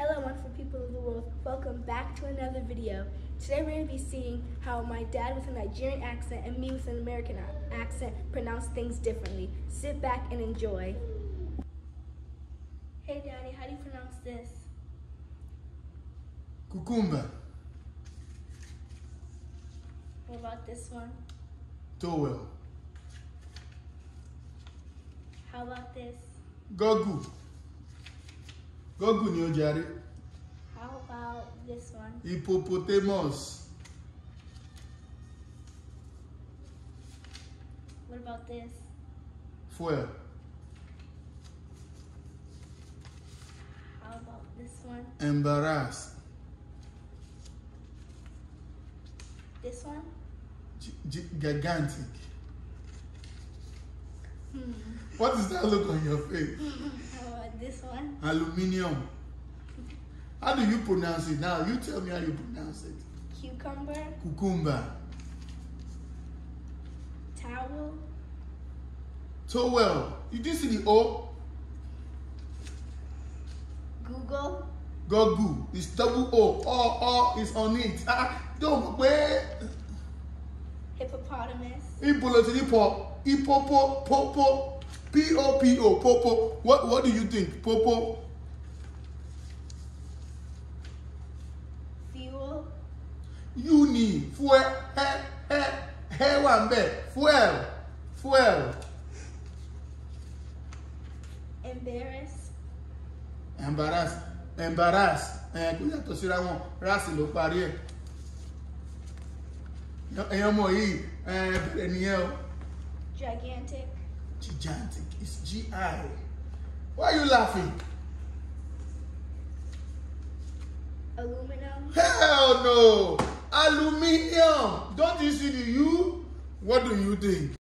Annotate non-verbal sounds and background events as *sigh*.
Hello wonderful people of the world, welcome back to another video. Today we're going to be seeing how my dad with a Nigerian accent and me with an American accent pronounce things differently. Sit back and enjoy. Hey daddy, how do you pronounce this? Cucumber. What about this one? Towel. How about this? Gagu. Google ni ó How about this one? Hippopotamus. What about this? Fuel. How about this one? Embarrass. This one? G gigantic. Hmm. What is that look on your face? *laughs* This one? Aluminium. How do you pronounce it now? You tell me how you pronounce it. Cucumber. Cucumber. Towel. Towel. You did see the O? Google. Google. It's double O. O, O is on it. Ah, ah. don't wait. Hippopotamus. Hippopotamus. Hippopotamus. P-O-P-O, Popo. What, what do you think? Popo? Fuel. Uni, fuel, he, he, he one bed. Fuel, fuel. Embarrass. Embarrass. Embarrass. Ẹ̀yàn eh, kò to síra wọn, ráàsì ló parí ẹ̀. Eh, Ẹ̀yàn ọmọ yìí, ẹ̀ẹ́dẹ̀rẹ̀ nìyẹn o. Gigantic. Gigantic. It's G-I. Why are you laughing? Aluminum. Hell no! Aluminium! Don't you see the U? What do you think?